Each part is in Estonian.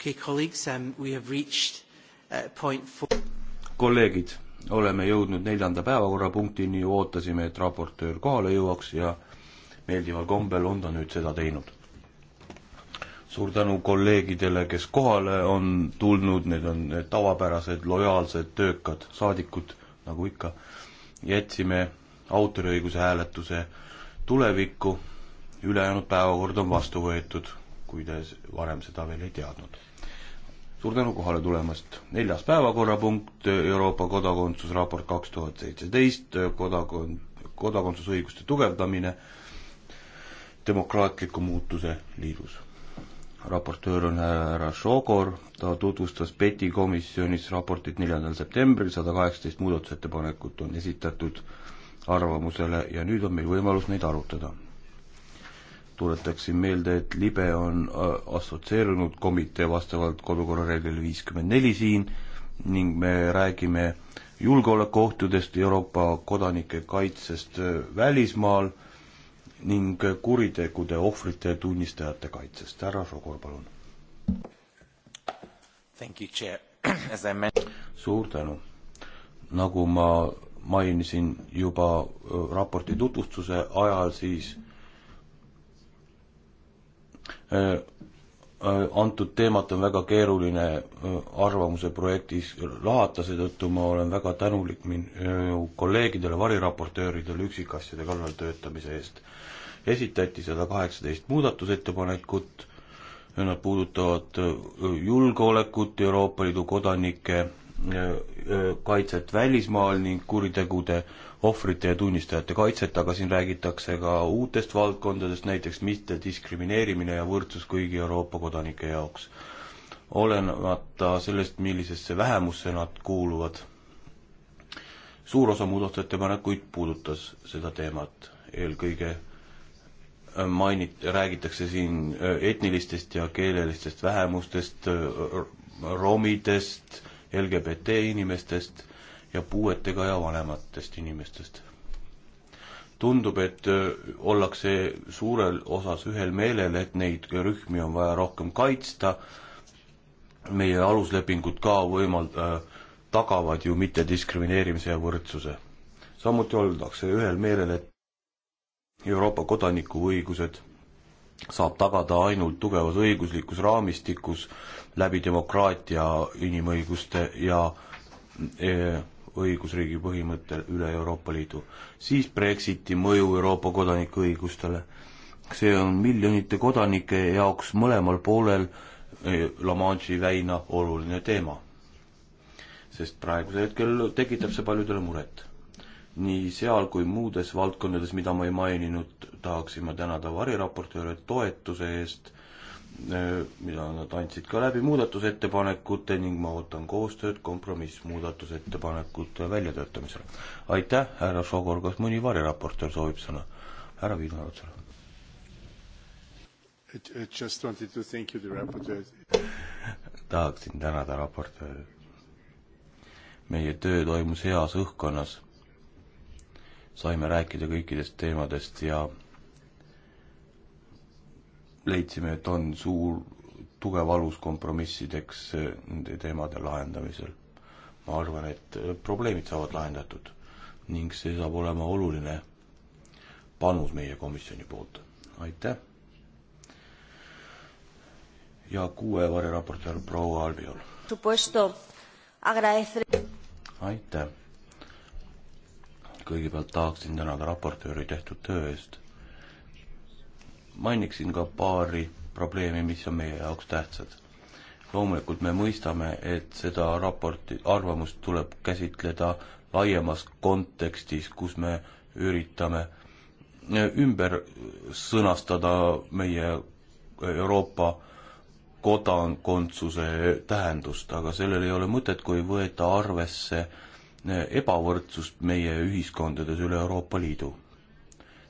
Okay, colleagues, um, we have reached uh, point four. kolleegid, oleme jõudnud neljanda päevakorrapunktini, ootasime, et raportöör kohale jõuaks ja meeldival kombel on ta nüüd seda teinud. suur tänu kolleegidele, kes kohale on tulnud, need on need tavapärased lojaalsed töökad saadikud, nagu ikka. jätsime autoriõiguse hääletuse tulevikku, ülejäänud päevakord on vastu võetud kui te varem seda veel ei teadnud suur tänu kohale tulemast. neljas päevakorrapunkt, Euroopa kodakondsusraport kaks tuhat seitseteist, kodakond, kodakondsusõiguste tugevdamine demokraatliku muutuse liidus. raportöör on härra Šogor, ta tutvustas PETi komisjonis raportit neljandal septembril, sada kaheksateist muudatusettepanekut on esitatud arvamusele ja nüüd on meil võimalus neid arutada tuletaksin meelde, et libe on äh, assotsieerunud komitee vastavalt kodukorra reeglile viiskümmend neli siin ning me räägime julgeolekuohtudest, Euroopa kodanike kaitsest äh, välismaal ning kuritegude ohvrite ja tunnistajate kaitsest. härra Sokor, palun. suur tänu. nagu ma mainisin juba äh, raporti tutvustuse ajal, siis Äh, äh, antud teemat on väga keeruline äh, arvamuse projektis lahata, seetõttu ma olen väga tänulik minu kolleegidele, variraportööridele üksikasjade kallal töötamise eest. esitati sada kaheksateist muudatusettepanekut, nad puudutavad julgeolekut, Euroopa Liidu kodanike kaitset välismaal ning kuritegude äh, ohvrite ja tunnistajate kaitset, aga siin räägitakse ka uutest valdkondadest, näiteks mittediskrimineerimine ja võrdsus kõigi Euroopa kodanike jaoks. olenemata sellest, millisesse vähemusse nad kuuluvad. suur osa muudatusettepanekuid puudutas seda teemat, eelkõige äh, mainit-, räägitakse siin äh, etnilistest ja keelelistest vähemustest, äh, romidest, LGBT inimestest ja puuetega ja vanematest inimestest. tundub, et äh, ollakse suurel osas ühel meelel, et neid rühmi on vaja rohkem kaitsta, meie aluslepingud ka võimald- äh,, tagavad ju mittediskrimineerimise ja võrdsuse. samuti oldakse ühel meelel, et Euroopa kodanikuõigused saab tagada ainult tugevas õiguslikus raamistikus läbi demokraatia, inimõiguste ja e õigusriigi põhimõttel üle Euroopa Liidu. siis Brexiti mõju Euroopa kodanike õigustele. see on miljonite kodanike jaoks mõlemal poolel eh, La Manche'i väina oluline teema. sest praegusel hetkel tekitab see paljudele muret. nii seal kui muudes valdkondades, mida ma ei maininud, tahaksin ma tänada variraportööre toetuse eest Äh, mida nad andsid ka läbi muudatusettepanekute ning ma ootan koostööd kompromissmuudatusettepanekute väljatöötamisel. aitäh, härra Sogor, kas mõni variraportöör soovib sõna? härra Viinaotsal. tahaksin tänada raportööri. meie töö toimus heas õhkkonnas. saime rääkida kõikidest teemadest ja leidsime, et on suur, tugev alus kompromissideks nende teemade lahendamisel. ma arvan, et probleemid saavad lahendatud ning see saab olema oluline panus meie komisjoni poolt. aitäh! ja kuue variraportöör proua Albiol. aitäh! kõigepealt tahaksin tänada raportööri tehtud töö eest mainiksin ka paari probleemi, mis on meie jaoks tähtsad. loomulikult me mõistame, et seda raporti, arvamust tuleb käsitleda laiemas kontekstis, kus me üritame ümber sõnastada meie Euroopa kodakondsuse tähendust, aga sellel ei ole mõtet, kui võeta arvesse ebavõrdsust meie ühiskondades üle Euroopa Liidu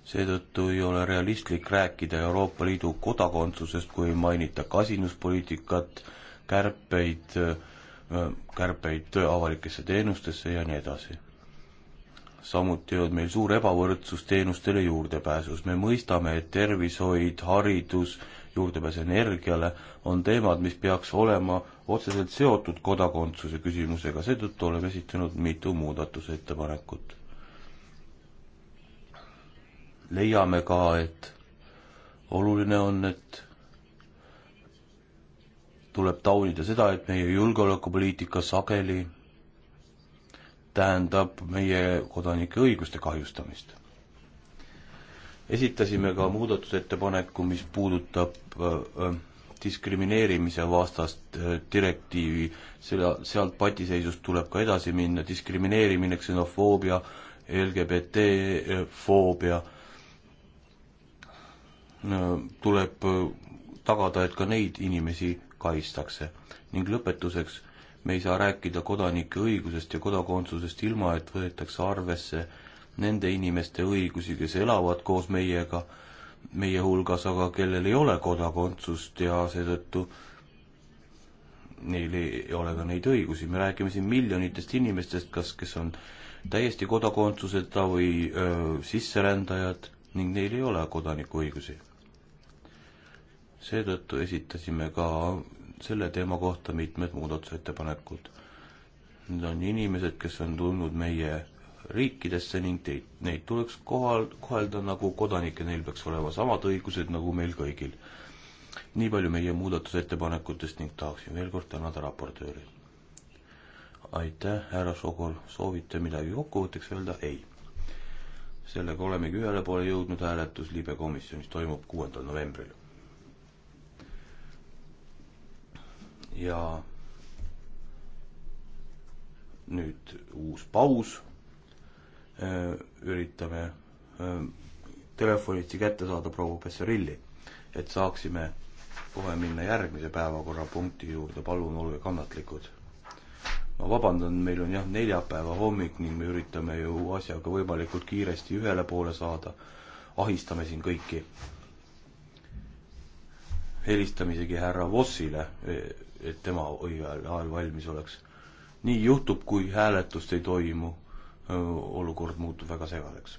seetõttu ei ole realistlik rääkida Euroopa Liidu kodakondsusest, kui ei mainita kasinuspoliitikat, kärpeid, äh, kärpeid avalikesse teenustesse ja nii edasi. samuti on meil suur ebavõrdsus teenustele juurdepääsus, me mõistame, et tervishoid, haridus, juurdepääs energiale on teemad, mis peaks olema otseselt seotud kodakondsuse küsimusega, seetõttu oleme esitanud mitu muudatusettepanekut leiame ka, et oluline on, et tuleb taunida seda, et meie julgeolekupoliitika sageli tähendab meie kodanike õiguste kahjustamist. esitasime ka muudatusettepaneku, mis puudutab äh, äh, diskrimineerimise vastast äh, direktiivi, selle, sealt patiseisust tuleb ka edasi minna, diskrimineerimine, ksenofoobia, LGBT foobia Äh, tuleb äh, tagada, et ka neid inimesi kaitstakse. ning lõpetuseks, me ei saa rääkida kodanike õigusest ja kodakondsusest ilma, et võetakse arvesse nende inimeste õigusi, kes elavad koos meiega, meie hulgas, aga kellel ei ole kodakondsust ja seetõttu neil ei ole ka neid õigusi, me räägime siin miljonitest inimestest, kas, kes on täiesti kodakondsuseta või öö, sisserändajad ning neil ei ole kodanikuõigusi seetõttu esitasime ka selle teema kohta mitmed muudatusettepanekud. Need on inimesed, kes on tulnud meie riikidesse ning teid, neid tuleks kohal, kohelda nagu kodanikke, neil peaks olema samad õigused nagu meil kõigil. nii palju meie muudatusettepanekutest ning tahaksin veel kord tänada raportööri. aitäh, härra Sokol, soovite midagi kokkuvõtteks öelda? ei. sellega olemegi ühele poole jõudnud, hääletus libe komisjonis toimub kuuendal novembril. ja nüüd uus paus. Äh, üritame äh, telefonitsi kätte saada proua Pesserilli, et saaksime kohe minna järgmise päevakorrapunkti juurde, palun olge kannatlikud. ma vabandan, meil on jah, neljapäeva hommik ning me üritame ju asjaga võimalikult kiiresti ühele poole saada. ahistame siin kõiki. helistame isegi härra Vossile et tema õigel ajal valmis oleks. nii juhtub, kui hääletust ei toimu, olukord muutub väga segaseks.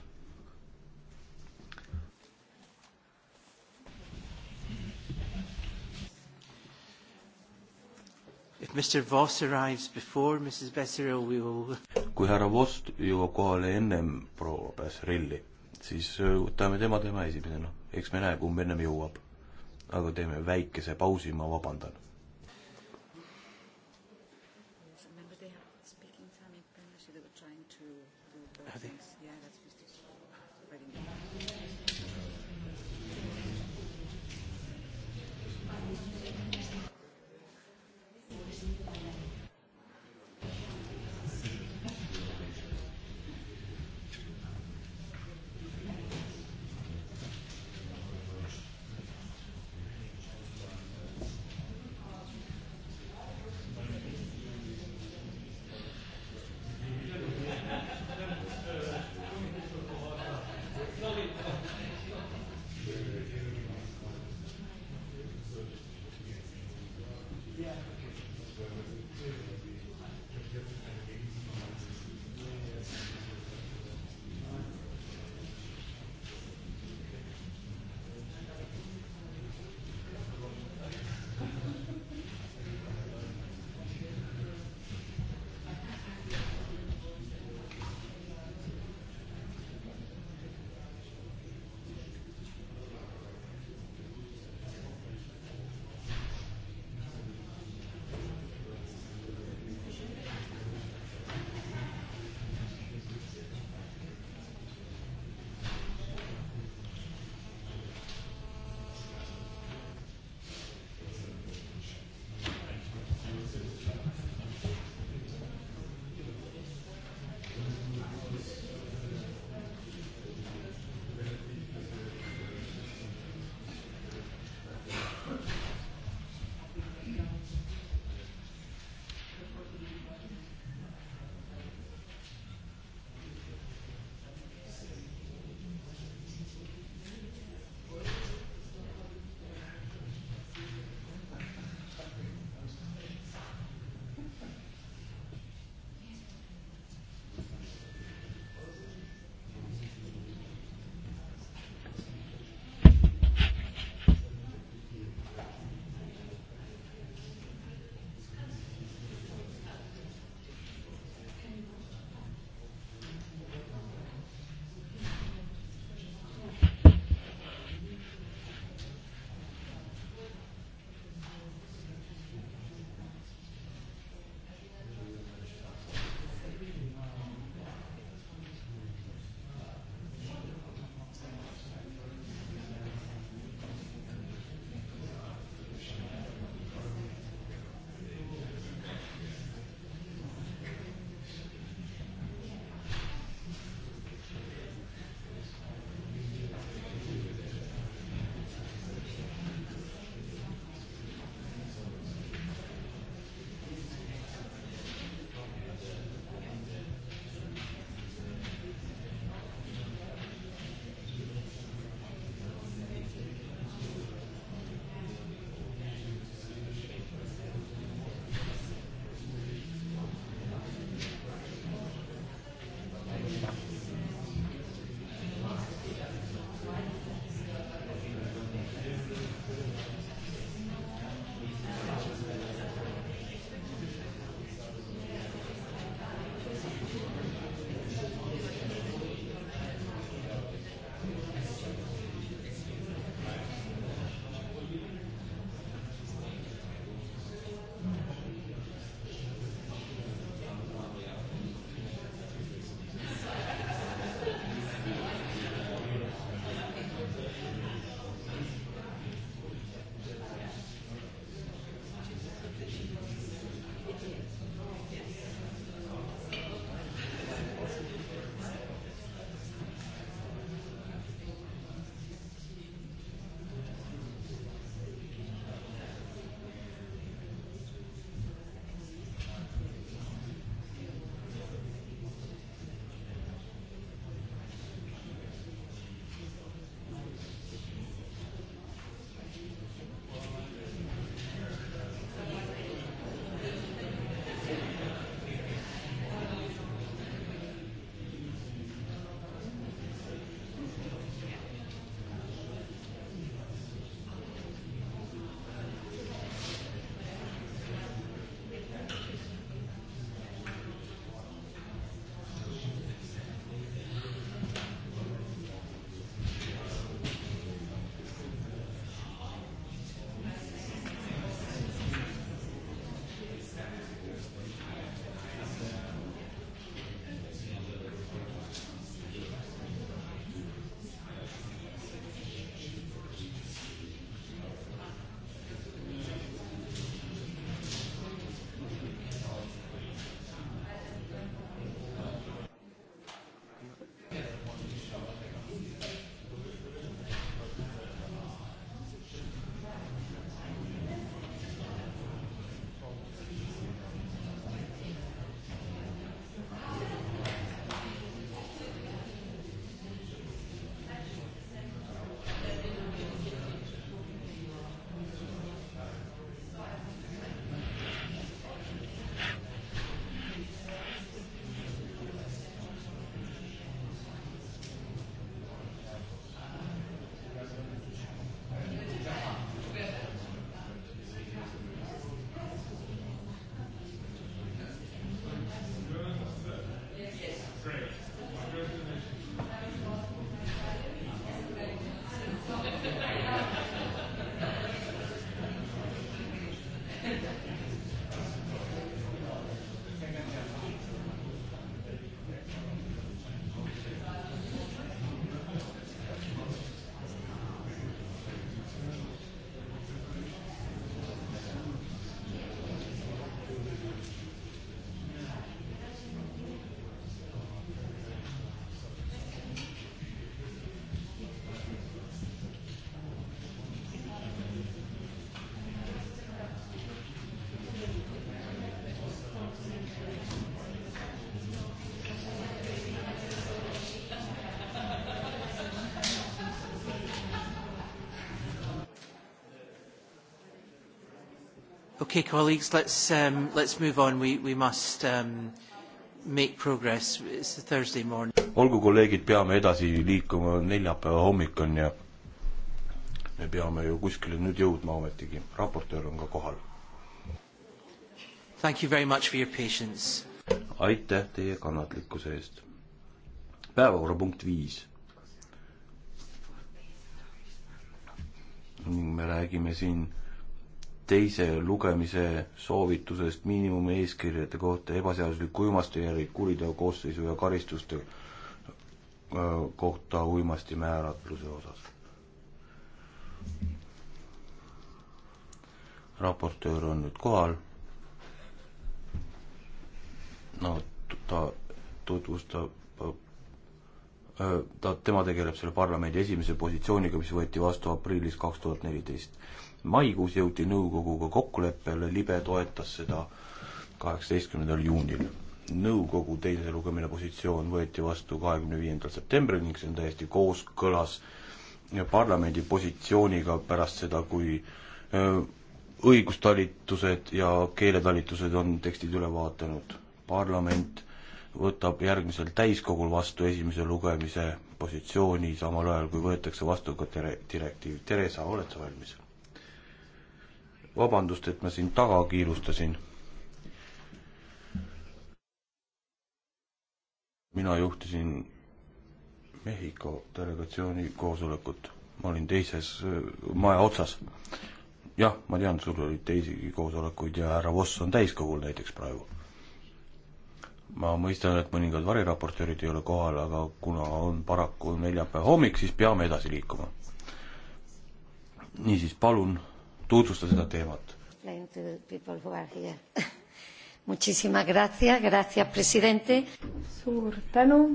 If Mr Voss arrives before Mrs Besseril, we will kui härra Voss jõuab kohale ennem proua Besserilli, siis võtame tema tema esimesena, eks me näe, kumb ennem jõuab. aga teeme väikese pausi, ma vabandan trying to do the things. Yeah, that's Mr. Reading. Okay, colleagues, let's, um, let's move on. We, we must um, make progress. It's a Thursday morning. olgu, kolleegid, peame edasi liikuma, neljapäeva hommik on ja me peame ju kuskile nüüd jõudma ometigi. raportöör on ka kohal. Thank you very much for your patience. aitäh teie kannatlikkuse eest. päevakorrapunkt viis ning me räägime siin teise lugemise soovitusest miinimumeeskirjade kohta ebaseadusliku uimastijärgi kuriteo koosseisu ja karistuste äh, kohta uimasti määratluse osas. raportöör on nüüd kohal. no ta tutvustab, äh, ta, tema tegeleb selle parlamendi esimese positsiooniga, mis võeti vastu aprillis kaks tuhat neliteist maikuus jõuti nõukoguga kokkuleppele, libe toetas seda kaheksateistkümnendal juunil. nõukogu teise lugemine positsioon võeti vastu kahekümne viiendal septembril ning see on täiesti kooskõlas parlamendi positsiooniga pärast seda, kui õigustalitused ja keeletalitused on tekstid üle vaadanud. parlament võtab järgmisel täiskogul vastu esimese lugemise positsiooni, samal ajal kui võetakse vastu ka tere-, direktiiv. Theresa, oled sa valmis? vabandust, et ma siin taga kiirustasin. mina juhtisin Mehhiko delegatsiooni koosolekut, ma olin teises äh, maja otsas. jah, ma tean, sul oli teisigi koosolekuid ja härra Voss on täiskogul näiteks praegu. ma mõistan, et mõningad variraportöörid ei ole kohal, aga kuna on paraku neljapäeva hommik, siis peame edasi liikuma. niisiis, palun tutvusta seda teemat. suur tänu suur,,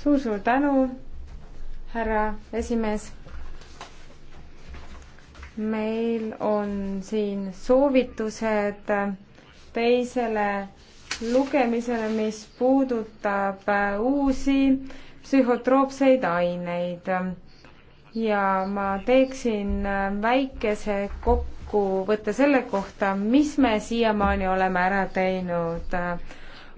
suur-suur tänu, härra esimees. meil on siin soovitused teisele lugemisele, mis puudutab äh, uusi psühhotroopseid aineid ja ma teeksin äh, väikese kokkuvõtte selle kohta, mis me siiamaani oleme ära teinud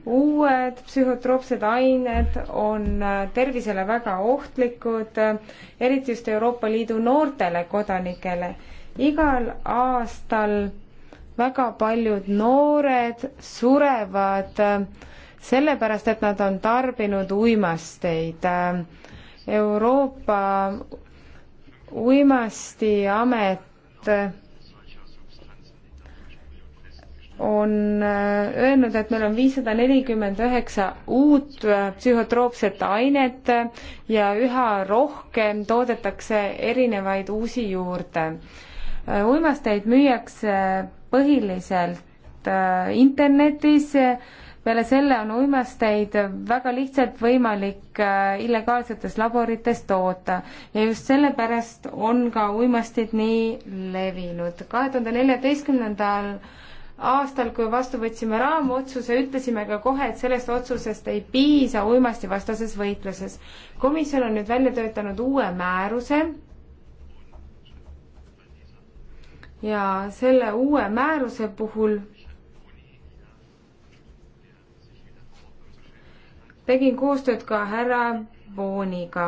uued psühhotroopsed ained on äh, tervisele väga ohtlikud, äh, eriti just Euroopa Liidu noortele kodanikele. igal aastal väga paljud noored surevad sellepärast, et nad on tarbinud uimasteid. Euroopa uimastiamet on äh, öelnud, et meil on viissada nelikümmend üheksa uut äh, psühhotroopset ainet äh, ja üha rohkem toodetakse erinevaid uusi juurde. uimasteid müüakse põhiliselt internetis peale selle on uimasteid väga lihtsalt võimalik äh, illegaalsetest laboritest toota ja just sellepärast on ka uimastid nii levinud. kahe tuhande neljateistkümnendal aastal, kui vastu võtsime raamotsuse, ütlesime ka kohe, et sellest otsusest ei piisa uimastivastases võitluses. komisjon on nüüd välja töötanud uue määruse ja selle uue määruse puhul tegin koostööd ka härra Vooniga,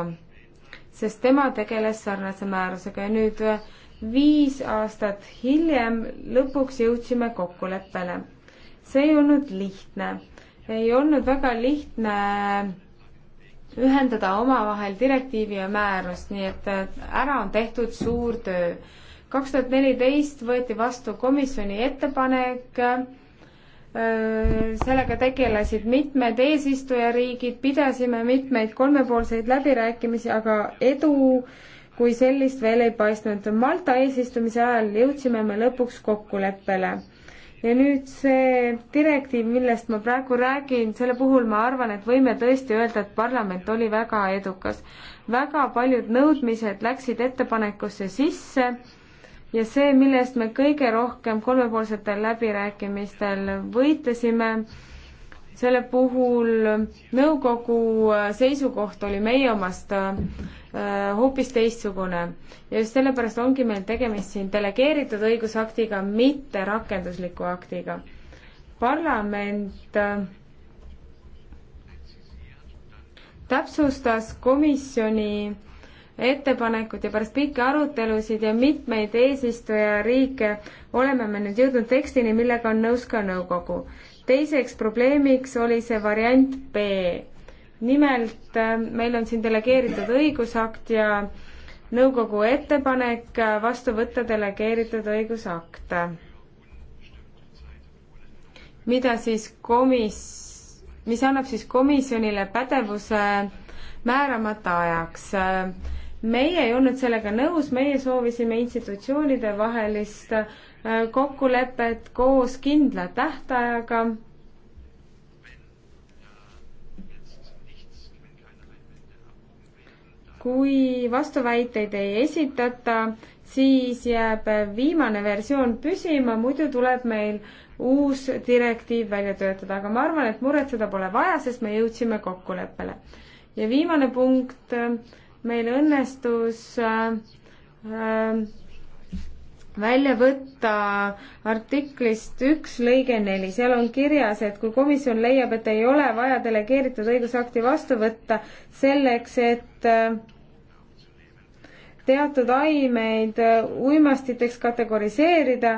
sest tema tegeles sarnase määrusega ja nüüd viis aastat hiljem lõpuks jõudsime kokkuleppele. see ei olnud lihtne, ei olnud väga lihtne ühendada omavahel direktiivi ja määrust, nii et ära on tehtud suur töö. kaks tuhat neliteist võeti vastu komisjoni ettepanek sellega tegelesid mitmed eesistujariigid, pidasime mitmeid kolmepoolseid läbirääkimisi, aga edu kui sellist veel ei paistnud. Malta eesistumise ajal jõudsime me lõpuks kokkuleppele. ja nüüd see direktiiv, millest ma praegu räägin, selle puhul ma arvan, et võime tõesti öelda, et parlament oli väga edukas. väga paljud nõudmised läksid ettepanekusse sisse ja see, millest me kõige rohkem kolmepoolsetel läbirääkimistel võitlesime, selle puhul nõukogu äh, seisukoht oli meie omast äh, hoopis teistsugune ja just sellepärast ongi meil tegemist siin delegeeritud õigusaktiga, mitte rakendusliku aktiga. parlament äh, täpsustas komisjoni ettepanekut ja pärast pikki arutelusid ja mitmeid eesistujariike oleme me nüüd jõudnud tekstini, millega on nõus ka nõukogu. teiseks probleemiks oli see variant B. nimelt äh, meil on siin delegeeritud õigusakt ja nõukogu ettepanek vastu võtta delegeeritud õigusakt, mida siis komis-, mis annab siis komisjonile pädevuse määramata ajaks meie ei olnud sellega nõus, meie soovisime institutsioonide vahelist äh, kokkulepet koos kindla tähtajaga. kui vastuväiteid ei esitata, siis jääb viimane versioon püsima, muidu tuleb meil uus direktiiv välja töötada, aga ma arvan, et muretseda pole vaja, sest me jõudsime kokkuleppele. ja viimane punkt äh, meil õnnestus äh, äh, välja võtta artiklist üks lõige neli, seal on kirjas, et kui komisjon leiab, et ei ole vaja delegeeritud õigusakti vastu võtta selleks, et äh, teatud aimeid uimastiteks kategoriseerida,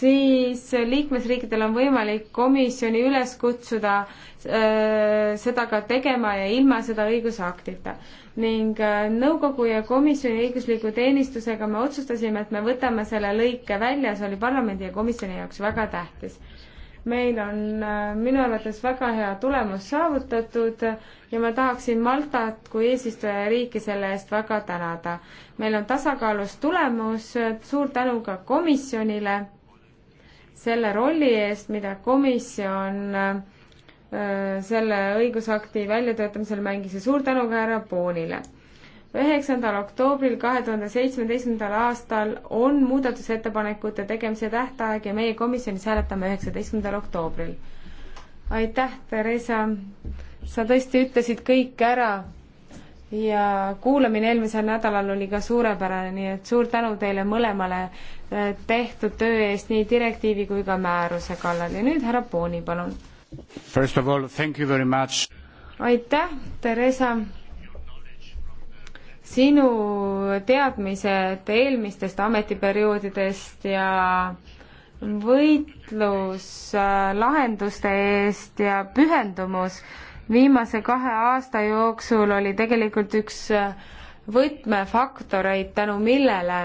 siis liikmesriikidel on võimalik komisjoni üles kutsuda öö, äh, seda ka tegema ja ilma seda õigusaktita. ning äh, nõukogu ja komisjoni õigusliku teenistusega me otsustasime, et me võtame selle lõike välja, see oli parlamendi ja komisjoni jaoks väga tähtis meil on äh, minu arvates väga hea tulemus saavutatud ja ma tahaksin Maltat kui eesistujariiki selle eest väga tänada. meil on tasakaalus tulemus, suur tänu ka komisjonile selle rolli eest, mida komisjon äh, selle õigusakti väljatöötamisel mängis ja suur tänu ka härra Poonile üheksandal oktoobril kahe tuhande seitsmeteistkümnendal aastal on muudatusettepanekute tegemise tähtaeg ja meie komisjonis hääletame üheksateistkümnendal oktoobril. aitäh, Theresa, sa tõesti ütlesid kõik ära ja kuulamine eelmisel nädalal oli ka suurepärane, nii et suur tänu teile mõlemale äh, tehtud töö eest nii direktiivi kui ka määruse kallal ja nüüd härra Pooni, palun. aitäh, Theresa sinu teadmised eelmistest ametiperioodidest ja võitlus äh, lahenduste eest ja pühendumus viimase kahe aasta jooksul oli tegelikult üks äh, võtmefaktoreid, tänu millele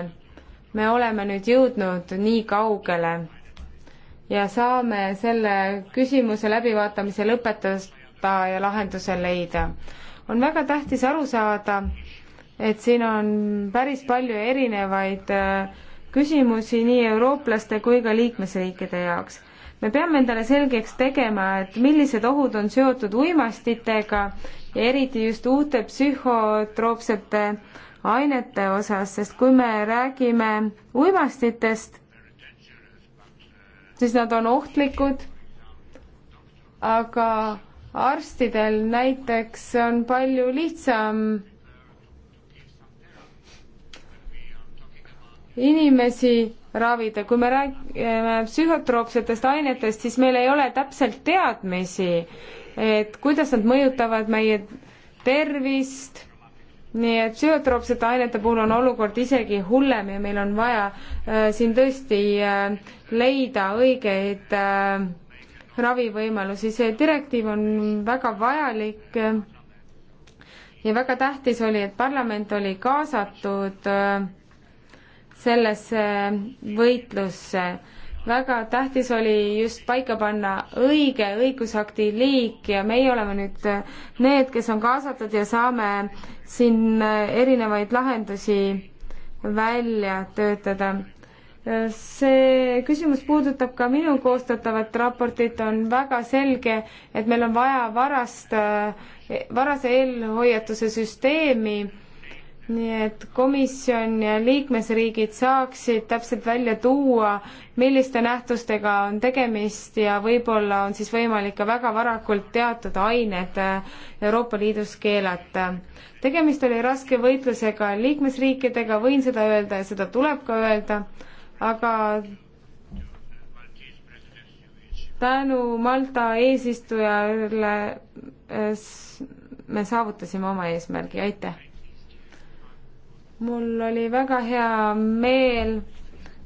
me oleme nüüd jõudnud nii kaugele ja saame selle küsimuse läbivaatamise lõpetada ja lahenduse leida. on väga tähtis aru saada, et siin on päris palju erinevaid äh, küsimusi nii eurooplaste kui ka liikmesriikide jaoks. me peame endale selgeks tegema, et millised ohud on seotud uimastitega ja eriti just uute psühhotroopsete ainete osas, sest kui me räägime uimastitest, siis nad on ohtlikud, aga arstidel näiteks on palju lihtsam inimesi ravida, kui me räägime psühhotroopsetest ainetest, siis meil ei ole täpselt teadmisi, et kuidas nad mõjutavad meie tervist, nii et psühhotroopsete ainete puhul on olukord isegi hullem ja meil on vaja äh, siin tõesti äh, leida õigeid äh, ravivõimalusi, see direktiiv on väga vajalik äh, ja väga tähtis oli, et parlament oli kaasatud äh, sellesse võitlusse. väga tähtis oli just paika panna õige õigusakti liik ja meie oleme nüüd need, kes on kaasatud ja saame siin erinevaid lahendusi välja töötada see küsimus puudutab ka minu koostatavat raportit, on väga selge, et meil on vaja varast, varase eelhoiatuse süsteemi nii et komisjon ja liikmesriigid saaksid täpselt välja tuua, milliste nähtustega on tegemist ja võib-olla on siis võimalik ka väga varakult teatud ained äh, Euroopa Liidus keelata. tegemist oli raske võitlusega liikmesriikidega, võin seda öelda ja seda tuleb ka öelda, aga tänu Malta eesistujale äh, me saavutasime oma eesmärgi, aitäh! mul oli väga hea meel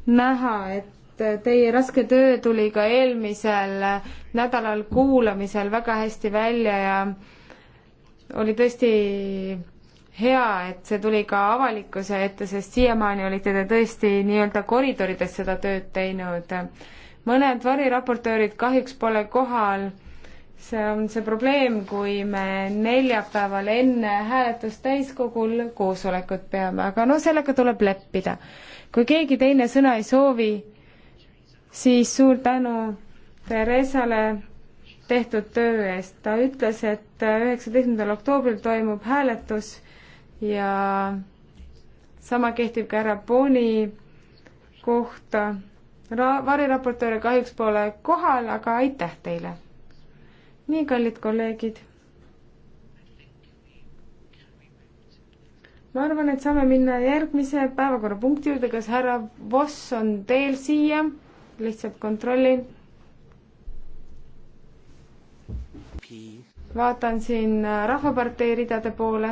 näha, et teie raske töö tuli ka eelmisel nädalal kuulamisel väga hästi välja ja oli tõesti hea, et see tuli ka avalikkuse ette, sest siiamaani olite te tõesti nii-öelda koridorides seda tööd teinud. mõned variraportöörid kahjuks pole kohal see on see probleem, kui me neljapäeval enne hääletust täiskogul koosolekut peame, aga no sellega tuleb leppida. kui keegi teine sõna ei soovi, siis suur tänu Theresale tehtud töö eest. ta ütles, et üheksateistkümnendal oktoobril toimub hääletus ja sama kehtib ka härra Boni kohta. Ra-, variraportööre kahjuks pole kohal, aga aitäh teile! nii, kallid kolleegid. ma arvan, et saame minna järgmise päevakorrapunkti juurde, kas härra Voss on teel siia? lihtsalt kontrollin. vaatan siin äh, Rahvapartei ridade poole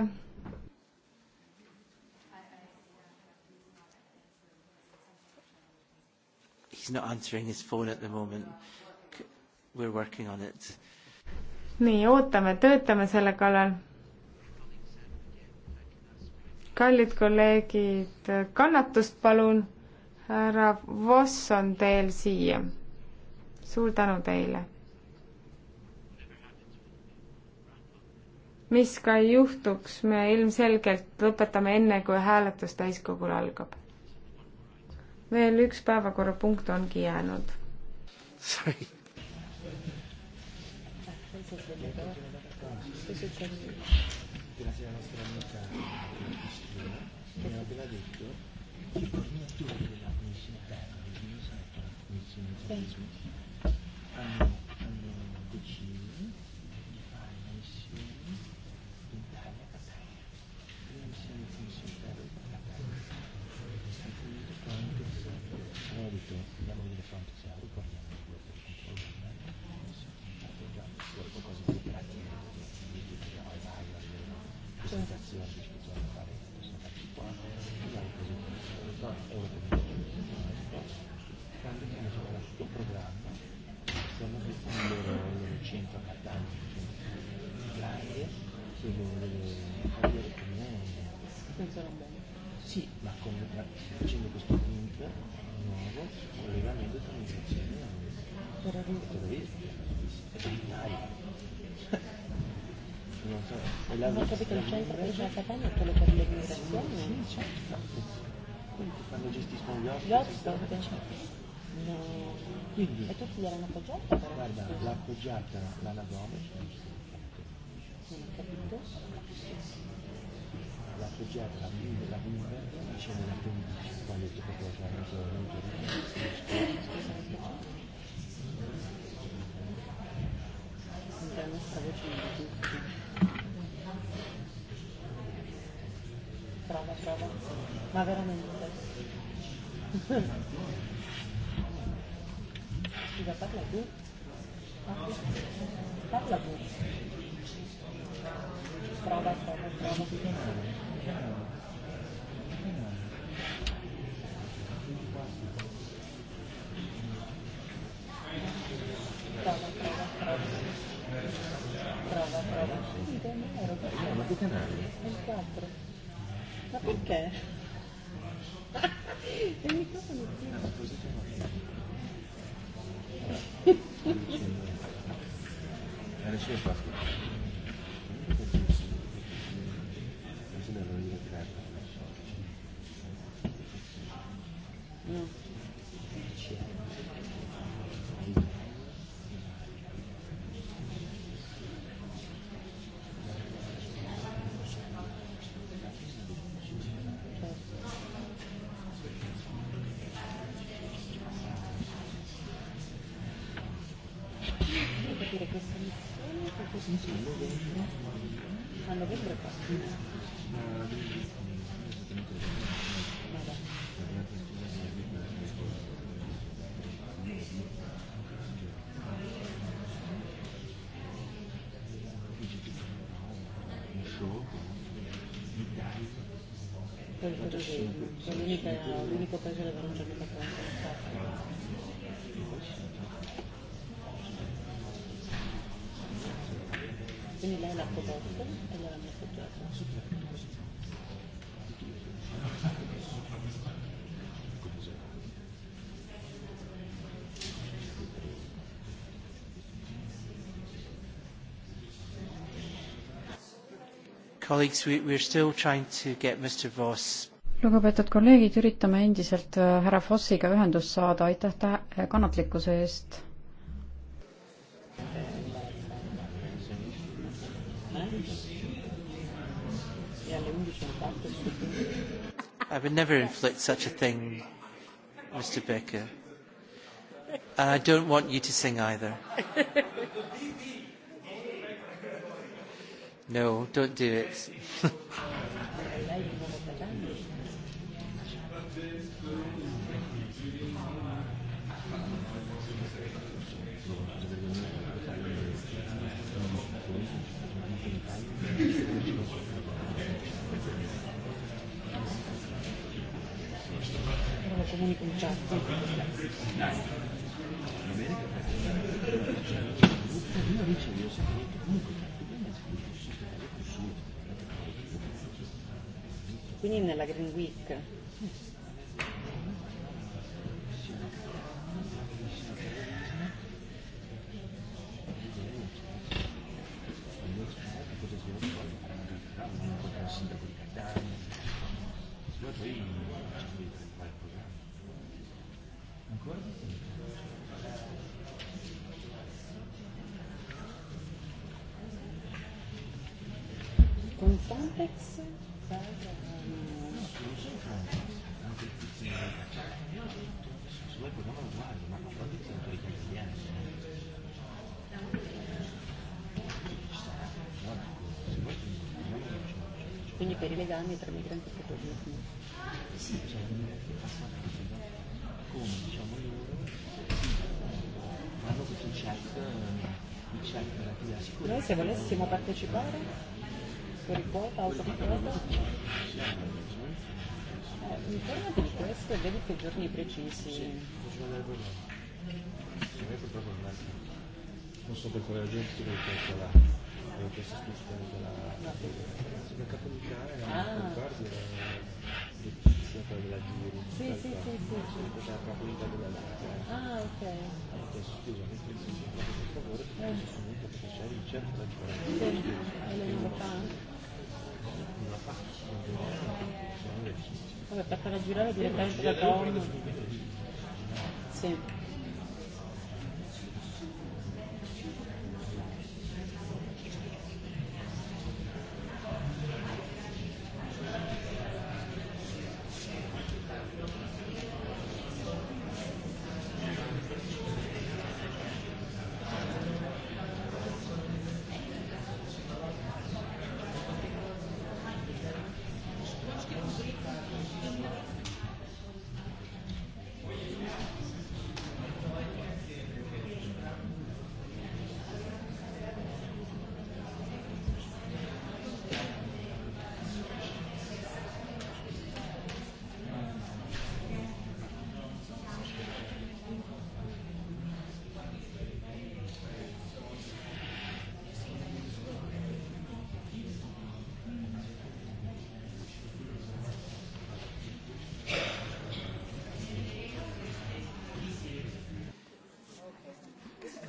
he's not answering his phone at the moment. We're working on it nii, ootame, töötame selle kallal. kallid kolleegid, kannatust palun. härra Voss on teel siia. suur tänu teile. mis ka ei juhtuks, me ilmselgelt lõpetame enne, kui hääletus täiskogul algab. veel üks päevakorrapunkt ongi jäänud. Sorry Grazie alla nostra amica Cristina, mi ha appena detto che il coordinatore della commissione interna, della commissione interna, senza la bomba. Sì, ma con, ma facendo questo link nuovo, collegamento tra migrazione e terrorismo. E per l'Italia. Non so, e la ma capito il centro che c'è a Catania è quello per le migrazioni? Sì, sì certo. Quelli che fanno gestiscono gli ospiti. Gli ospiti, certo. No. Quindi, e tutti gliel'hanno appoggiata? Guarda, l'ha appoggiata l'anagome. Non ho capito sfoggiata la, la bombarda scende da 15 quando si poteva fare un giorno, un giorno. Brava, brava, ma veramente. Scusa, parla tu? Parla tu. Brava, brava, brava. 24. Ma perché? Il eh, microfono è Era il suo spazio. l'unico paese dove non c'è più la accomodato allora mi ha fatto la cosa Colleagues, we, we're still trying to get Mr. Voss lugupeetud kolleegid, üritame endiselt äh, härra Fossiga ühendust saada, aitäh kannatlikkuse eest I would never inflict such a thing, Mr. Becker. And I don't want you to sing either. No, don't do it. Quindi nella Green Week. sindaco di Catania, poi c'è qualcosa Con Frontex fai se vuoi proviamo lo guardi, ma con Frontex sono tuoi italiani. Quindi per i legami tra migranti e protagisti. Sì, cioè, è passato come diciamo loro hanno questo check, il check relativo alla sicurezza. Noi se volessimo partecipare fuori quota, autoquota? Eh, informati di questo e vedi che giorni precisi. Sì, non so per quale ragione ti devi calcolare avevo chiesto scusa della, della capo di cane, la ah. guardia, eh centro della giuria. Sì, sì, sì, sì. C'è la capolita della Lazio. Eh. Ah, ok. Perché scusa, metti il senso per favore, eh. perché ci sono molto professori di certo da giurare. Sì, non lo fa. Non la fa, non lo fa. Vabbè, per farla giurare direttamente da Paolo. Sì.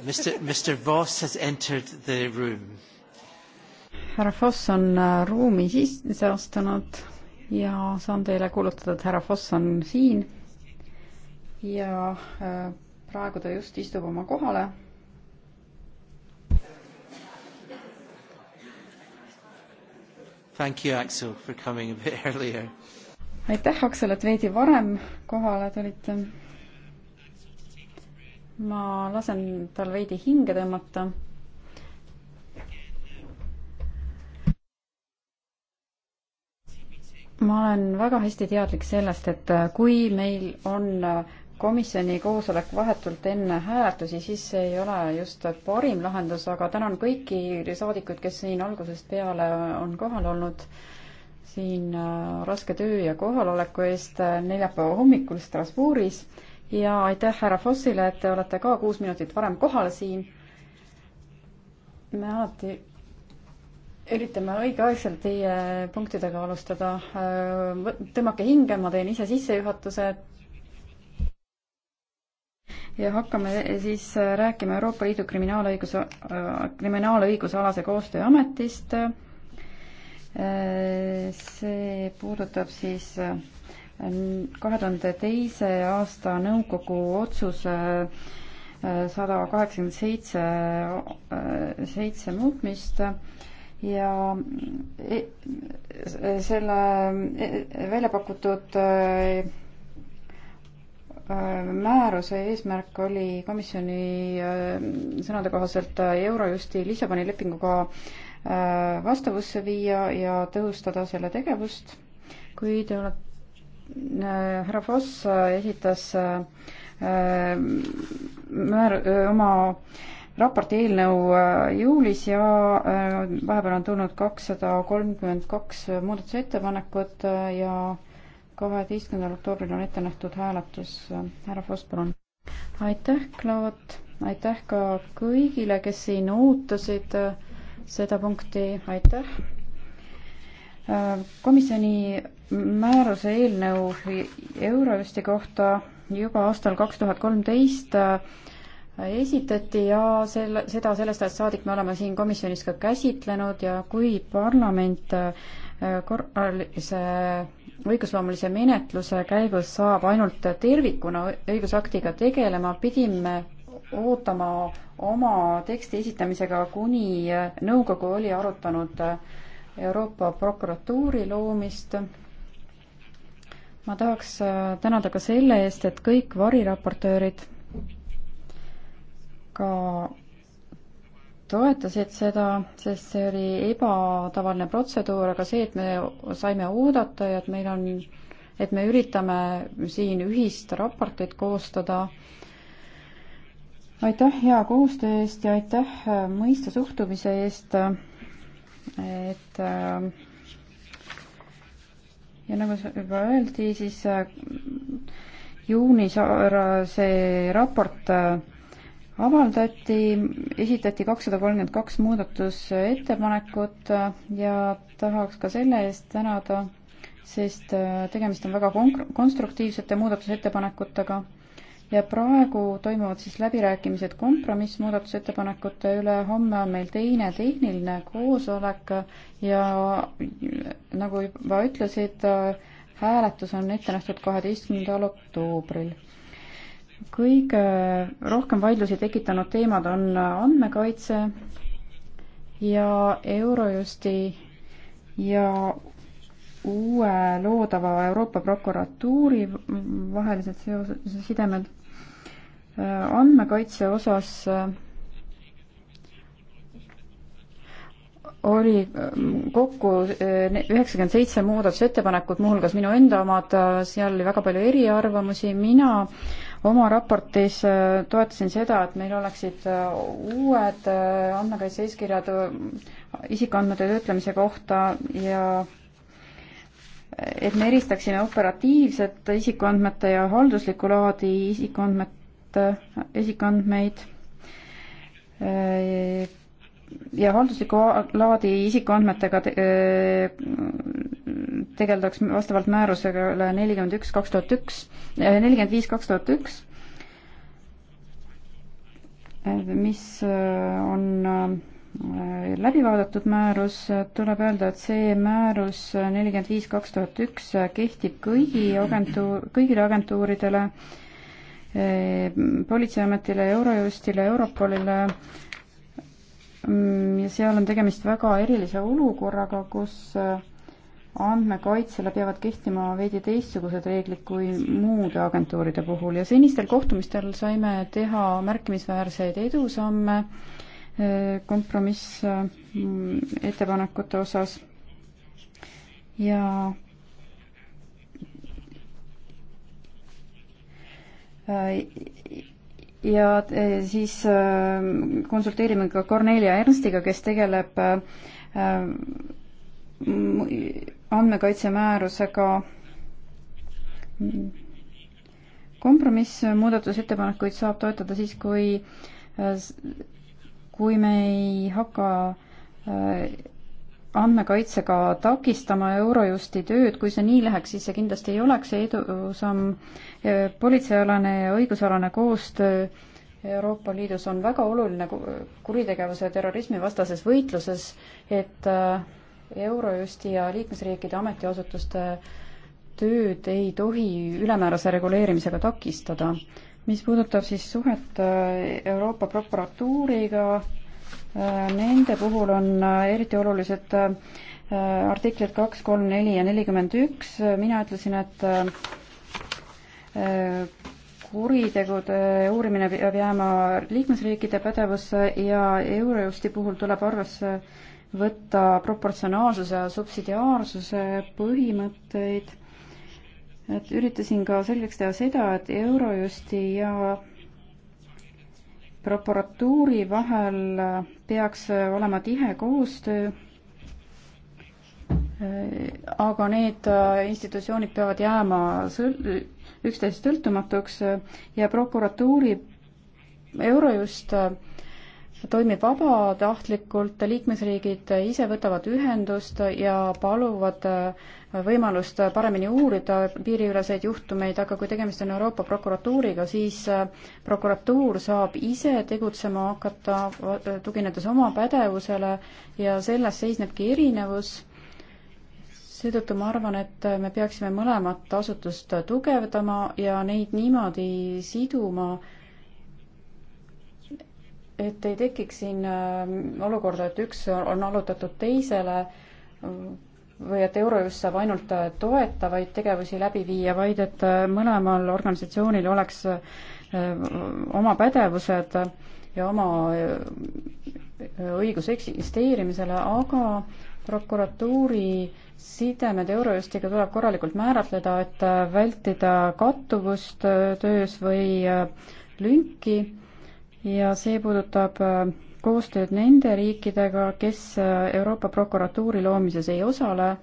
Mr, Mr Voss has entered the room. härra Foss on äh, ruumi sisse astunud ja saan teile kuulutada, et härra Foss on siin. ja äh, praegu ta just istub oma kohale Thank you, Axel, for coming a bit earlier. aitäh, Aksel, et veidi varem kohale tulite ma lasen tal veidi hinge tõmmata. ma olen väga hästi teadlik sellest, et kui meil on komisjoni koosolek vahetult enne hääletusi, siis see ei ole just parim lahendus, aga tänan kõiki saadikuid, kes siin algusest peale on kohal olnud siin äh, raske töö ja kohaloleku eest äh, neljapäeva hommikul Strasbourgis ja aitäh härra Fossile, et te olete ka kuus minutit varem kohal siin. me alati üritame õigeaegselt teie punktidega alustada. tõmmake hinge, ma teen ise sissejuhatuse. ja hakkame siis rääkima Euroopa Liidu kriminaalõiguse, kriminaalõigusalase koostöö ametist. see puudutab siis kahe tuhande teise aasta nõukogu otsuse äh, sada kaheksakümmend seitse, äh, seitse muutmist ja e, e, selle e, välja pakutud äh, määruse eesmärk oli komisjoni sõnade kohaselt Eurojusti Lissaboni lepinguga vastavusse viia ja tõhustada selle tegevust. kui te olete härra Foss äh, esitas äh, määr, äh, oma raporti eelnõu juulis ja vahepeal on tulnud kakssada kolmkümmend kaks muudatusettepanekut ja kaheteistkümnendal oktoobril on ette nähtud hääletus. härra Foss, palun. aitäh, Claude, aitäh ka kõigile, kes siin ootasid seda punkti, aitäh komisjoni määruse eelnõu Eurojusti kohta juba aastal kaks tuhat kolmteist äh, esitati ja selle, seda sellest ajast saadik me oleme siin komisjonis ka käsitlenud ja kui parlament äh, korralise õigusloomulise menetluse käigus saab ainult tervikuna õigusaktiga tegelema, pidime ootama oma teksti esitamisega, kuni nõukogu oli arutanud äh, Euroopa prokuratuuri loomist. ma tahaks äh, tänada ka selle eest, et kõik variraportöörid ka toetasid seda, sest see oli ebatavaline protseduur, aga see, et me saime oodata ja et meil on, et me üritame siin ühist raportit koostada. aitäh hea koostöö eest ja aitäh mõistva suhtumise eest et äh, ja nagu juba öeldi, siis äh, juunis see raport äh, avaldati, esitati kakssada kolmkümmend kaks muudatusettepanekut ja tahaks ka selle eest tänada, sest tegemist on väga konstruktiivsete muudatusettepanekutega ja praegu toimuvad siis läbirääkimised kompromissmuudatusettepanekute üle, homme on meil teine tehniline koosolek ja nagu juba ütlesid, hääletus on ette nähtud kaheteistkümnendal oktoobril. kõige äh, rohkem vaidlusi tekitanud teemad on andmekaitse ja Eurojusti ja uue loodava Euroopa prokuratuuri vahelised seosed, sidemed andmekaitse osas äh, oli äh, kokku äh, üheksakümmend seitse muudatusettepanekut, muuhulgas minu enda omad, seal oli väga palju eriarvamusi, mina oma raportis toetasin seda, et meil oleksid uued andmekaitse eeskirjad isikuandmete töötlemise kohta ja et me eristaksime operatiivset isikuandmete ja halduslikku laadi isikuandmete puudutavad äh, isikuandmeid äh, ja haldusliku laadi isikuandmetega te äh, tegeldaks vastavalt määrusega üle nelikümmend üks, kaks tuhat üks, nelikümmend viis, kaks tuhat üks, mis on läbi vaadatud määrus, tuleb öelda, et see määrus nelikümmend viis, kaks tuhat üks kehtib kõigi agentuur, kõigile agentuuridele äh, Ehm, politseiametile, Eurojustile, Europolile mm, ja seal on tegemist väga erilise olukorraga, kus äh, andmekaitsele peavad kehtima veidi teistsugused reeglid kui muude agentuuride puhul ja senistel kohtumistel saime teha märkimisväärseid edusamme äh, kompromissettepanekute äh, mm, osas ja Äh, ja äh, siis äh, konsulteerime ka Cornelia Ernstiga, kes tegeleb andmekaitsemäärusega. kompromiss muudatusettepanekuid saab toetada siis, kui, kui me ei hakka andmekaitsega takistama Eurojusti tööd, kui see nii läheks, siis see kindlasti ei oleks edusamm. politseialane ja õigusalane koostöö Euroopa Liidus on väga oluline kuritegevuse ja terrorismi vastases võitluses, et äh, Eurojusti ja liikmesriikide ametiasutuste tööd ei tohi ülemäärase reguleerimisega takistada. mis puudutab siis suhet äh, Euroopa prokuratuuriga, Äh, nende puhul on äh, eriti olulised äh, artiklid kaks, kolm, neli ja nelikümmend üks. mina ütlesin, et kuritegude uurimine peab jääma liikmesriikide pädevusse ja Eurojusti puhul tuleb arvesse võtta proportsionaalsuse ja subsidiaarsuse põhimõtteid. et üritasin ka selgeks teha seda, et Eurojusti ja prokuratuuri vahel peaks olema tihe koostöö, aga need institutsioonid peavad jääma sõl-, üksteisest sõltumatuks ja prokuratuuri Eurojust äh, toimib vabatahtlikult, liikmesriigid ise võtavad ühendust ja paluvad äh, võimalust paremini uurida piiriüleseid juhtumeid, aga kui tegemist on Euroopa prokuratuuriga, siis äh, prokuratuur saab ise tegutsema hakata, tuginedes oma pädevusele ja selles seisnebki erinevus seetõttu ma arvan, et me peaksime mõlemat asutust tugevdama ja neid niimoodi siduma, et ei tekiks siin äh, olukorda, et üks on allutatud teisele või et Eurojust saab ainult äh, toetavaid tegevusi läbi viia, vaid et äh, mõlemal organisatsioonil oleks oma pädevused ja oma õigus eksisteerimisele, aga prokuratuuri sidemed Eurojustiga tuleb korralikult määratleda, et vältida kattuvust töös või lünki ja see puudutab äh, koostööd nende riikidega, kes äh, Euroopa prokuratuuri loomises ei osale.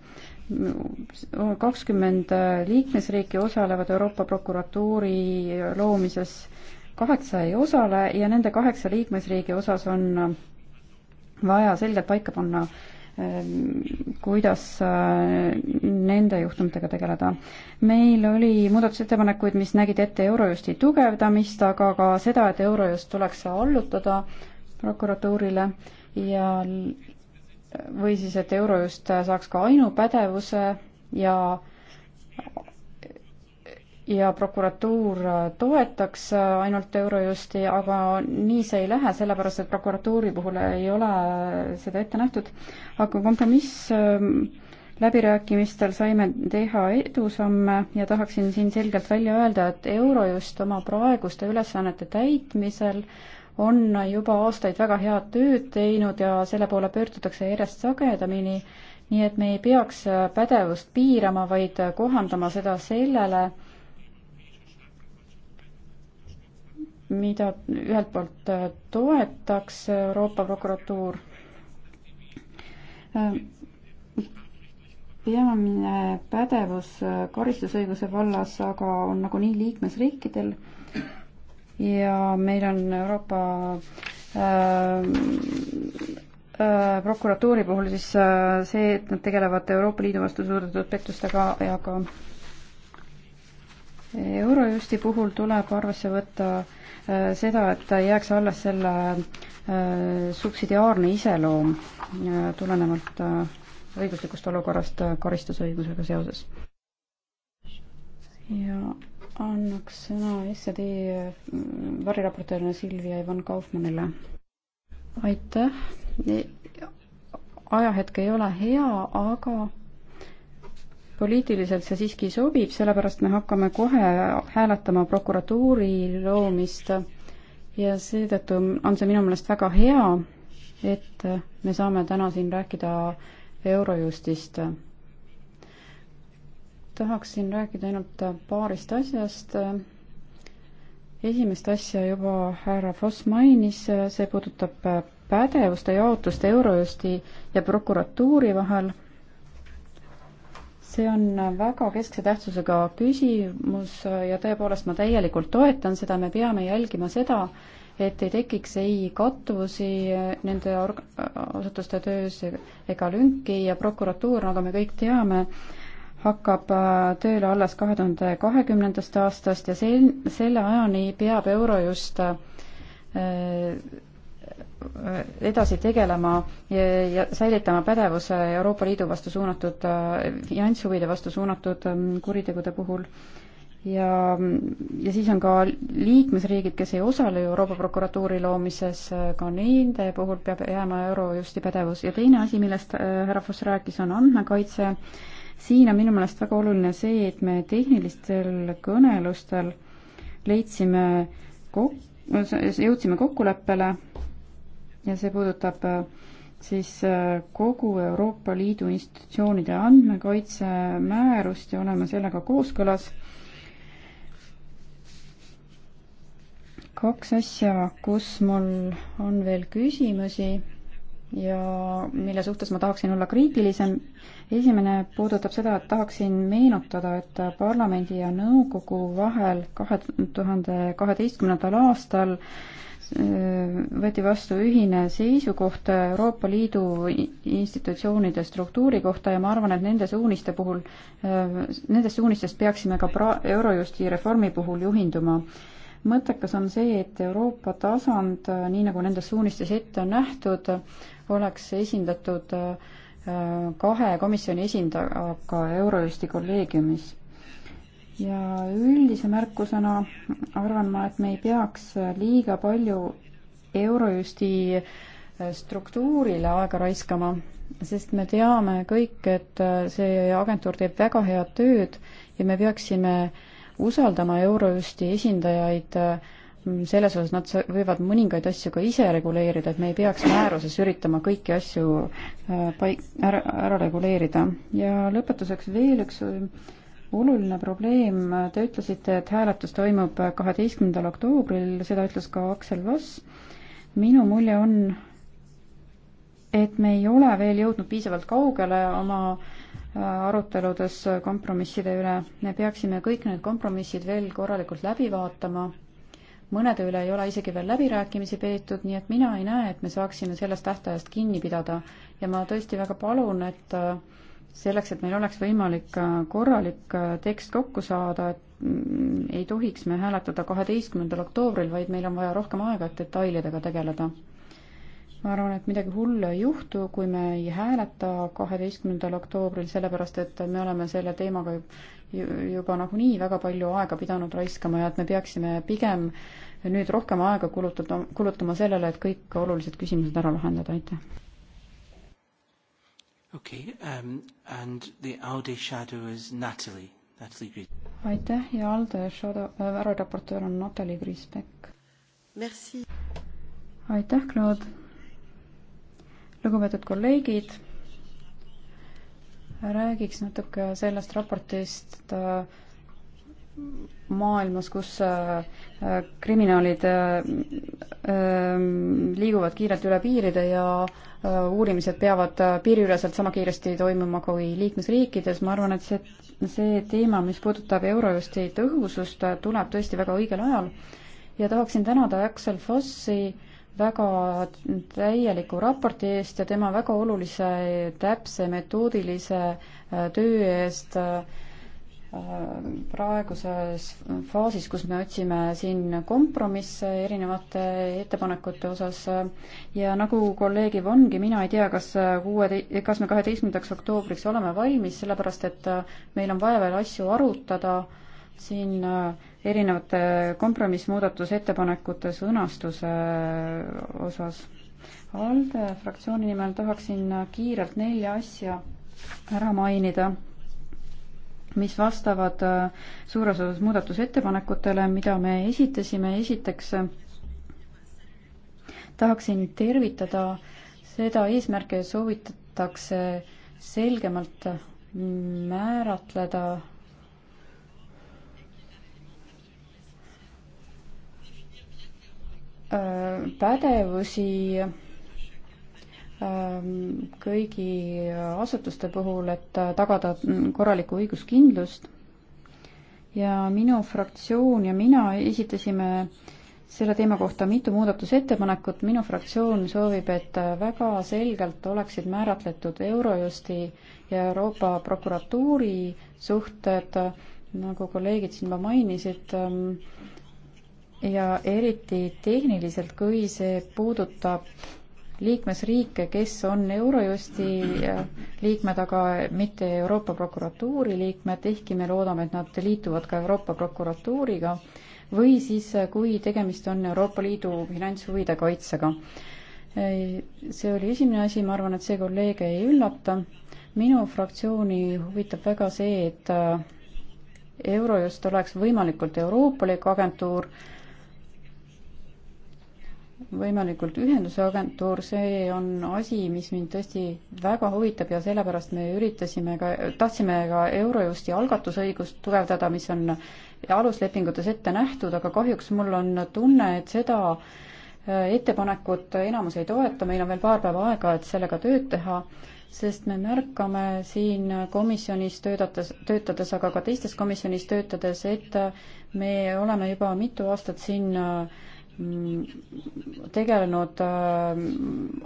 kakskümmend äh, liikmesriiki osalevad Euroopa prokuratuuri loomises, kaheksa ei osale ja nende kaheksa liikmesriigi osas on vaja selgelt paika panna Ehm, kuidas äh, nende juhtumitega tegeleda. meil oli muudatusettepanekuid, mis nägid ette Eurojusti tugevdamist, aga ka seda, et Eurojust tuleks allutada prokuratuurile ja või siis, et Eurojust saaks ka ainupädevuse ja ja prokuratuur toetaks ainult Eurojusti, aga nii see ei lähe, sellepärast et prokuratuuri puhul ei ole seda ette nähtud. aga kompromiss ähm, läbirääkimistel saime teha edusamme ja tahaksin siin selgelt välja öelda, et Eurojust oma praeguste ülesannete täitmisel on juba aastaid väga head tööd teinud ja selle poole pöördutakse järjest sagedamini, nii et me ei peaks pädevust piirama, vaid kohandama seda sellele, mida ühelt poolt äh, toetaks Euroopa prokuratuur. Äh, peamine pädevus äh, karistusõiguse vallas aga on nagunii liikmesriikidel ja meil on Euroopa äh, prokuratuuri puhul siis see, et nad tegelevad Euroopa Liidu vastu suudetud pettustega ja ka Eurojusti puhul tuleb arvesse võtta äh, seda, et jääks alles selle äh, subsidiaarne iseloom äh, tulenevalt õiguslikust olukorrast karistusõigusega seoses. ja annaks sõna SED variraportöörina Silvia Ivan Kaufmannile. aitäh, e, ajahetk ei ole hea, aga poliitiliselt see siiski sobib, sellepärast me hakkame kohe hääletama prokuratuuri loomist ja seetõttu on see minu meelest väga hea, et me saame täna siin rääkida Eurojustist. tahaksin rääkida ainult paarist asjast. esimest asja juba härra Foss mainis, see puudutab pädevuste jaotust Eurojusti ja prokuratuuri vahel see on väga keskse tähtsusega küsimus ja tõepoolest ma täielikult toetan seda, me peame jälgima seda, et ei tekiks ei kattuvusi nende org-, asutuste töös ega lünki ja prokuratuur, nagu me kõik teame, hakkab tööle alles kahe tuhande kahekümnendast aastast ja sel, selle ajani peab Eurojust äh, Äh, edasi tegelema ja, ja säilitama pädevuse Euroopa Liidu vastu suunatud, äh, finantshuvide vastu suunatud ähm, kuritegude puhul. ja, ja siis on ka liikmesriigid, kes ei osale Euroopa prokuratuuri loomises, äh, ka nende puhul peab jääma Eurojusti pädevus ja teine asi, millest härra Foss rääkis, on andmekaitse. siin on minu meelest väga oluline see, et me tehnilistel kõnelustel leidsime kok-, jõudsime kokkuleppele ja see puudutab äh, siis äh, kogu Euroopa Liidu institutsioonide andmekaitsemäärust ja oleme sellega kooskõlas. kaks asja, kus mul on veel küsimusi ja mille suhtes ma tahaksin olla kriitilisem. esimene puudutab seda, et tahaksin meenutada, et parlamendi ja nõukogu vahel kahe tuhande kaheteistkümnendal aastal äh, võeti vastu ühine seisukoht Euroopa Liidu institutsioonide struktuuri kohta ja ma arvan, et nende suuniste puhul, nendest suunistest peaksime ka pra-, Eurojusti reformi puhul juhinduma. mõttekas on see, et Euroopa tasand, nii nagu nendes suunistes ette on nähtud, oleks esindatud äh, kahe komisjoni esindajaga Eurojusti kolleegiumis ja üldise märkusena arvan ma, et me ei peaks liiga palju Eurojusti struktuurile aega raiskama, sest me teame kõik, et see agentuur teeb väga head tööd ja me peaksime usaldama Eurojusti esindajaid selles osas, nad võivad mõningaid asju ka ise reguleerida, et me ei peaks määruses üritama kõiki asju äh, paik-, ära, ära reguleerida. ja lõpetuseks veel üks oluline probleem, te ütlesite, et hääletus toimub kaheteistkümnendal oktoobril, seda ütles ka Aksel Voss. minu mulje on, et me ei ole veel jõudnud piisavalt kaugele oma äh, aruteludes kompromisside üle. me peaksime kõik need kompromissid veel korralikult läbi vaatama. mõnede üle ei ole isegi veel läbirääkimisi peetud, nii et mina ei näe, et me saaksime sellest tähtajast kinni pidada ja ma tõesti väga palun, et äh, selleks, et meil oleks võimalik korralik äh, tekst kokku saada, et mm, ei tohiks me hääletada kaheteistkümnendal oktoobril, vaid meil on vaja rohkem aega, et detailidega tegeleda. ma arvan, et midagi hullu ei juhtu, kui me ei hääleta kaheteistkümnendal oktoobril, sellepärast et me oleme selle teemaga juba nagunii väga palju aega pidanud raiskama ja et me peaksime pigem nüüd rohkem aega kulutada, kulutama sellele, et kõik olulised küsimused ära lahendada, aitäh! okei okay, um,, and the Audi shadow is Natalie, Natalie Gris-. aitäh ja Alde shadow äh,, vararaportöör on Natalie Grisbeck. Merci. aitäh, Claude. lugupeetud kolleegid, räägiks natuke sellest raportist äh, maailmas, kus äh, äh, kriminaalid äh, liiguvad kiirelt üle piiride ja uurimised peavad piiriüleselt sama kiiresti toimuma kui liikmesriikides, ma arvan, et see, see teema, mis puudutab Eurojusti tõhusust, tuleb tõesti väga õigel ajal ja tahaksin tänada Axel Fossi väga täieliku raporti eest ja tema väga olulise täpse metoodilise töö eest äh, praeguses faasis, kus me otsime siin kompromisse erinevate ettepanekute osas ja nagu kolleeg Ivongi, mina ei tea, kas kuue, kas me kaheteistkümnendaks oktoobriks oleme valmis, sellepärast et meil on vaja veel asju arutada siin erinevate kompromissmuudatusettepanekute sõnastuse osas. ALDE fraktsiooni nimel tahaksin kiirelt nelja asja ära mainida mis vastavad äh, suures osas muudatusettepanekutele, mida me esitasime. esiteks äh, tahaksin tervitada seda eesmärki, et soovitatakse selgemalt määratleda pädevusi Ähm, kõigi asutuste puhul, et äh, tagada mm, korralikku õiguskindlust. ja minu fraktsioon ja mina esitasime selle teema kohta mitu muudatusettepanekut, minu fraktsioon soovib, et äh, väga selgelt oleksid määratletud Eurojusti ja Euroopa prokuratuuri suhted, nagu kolleegid siin juba mainisid, ähm, ja eriti tehniliselt, kui see puudutab liikmesriike, kes on Eurojusti äh, liikmed, aga mitte Euroopa Prokuratuuri liikmed, ehkki me loodame, et nad liituvad ka Euroopa Prokuratuuriga, või siis, äh, kui tegemist on Euroopa Liidu finantshuvide kaitsega. Äh, see oli esimene asi, ma arvan, et see kolleege ei üllata. minu fraktsiooni huvitab väga see, et Eurojust oleks võimalikult euroopalik agentuur võimalikult ühenduse agentuur, see on asi, mis mind tõesti väga huvitab ja sellepärast me üritasime ka, tahtsime ka Eurojusti algatusõigust tugevdada, mis on aluslepingutes ette nähtud, aga kahjuks mul on tunne, et seda äh, ettepanekut enamus ei toeta, meil on veel paar päeva aega, et sellega tööd teha, sest me märkame siin komisjonis töötates, töötades, aga ka teistes komisjonis töötades, et me oleme juba mitu aastat siin äh, Mm, tegelenud äh,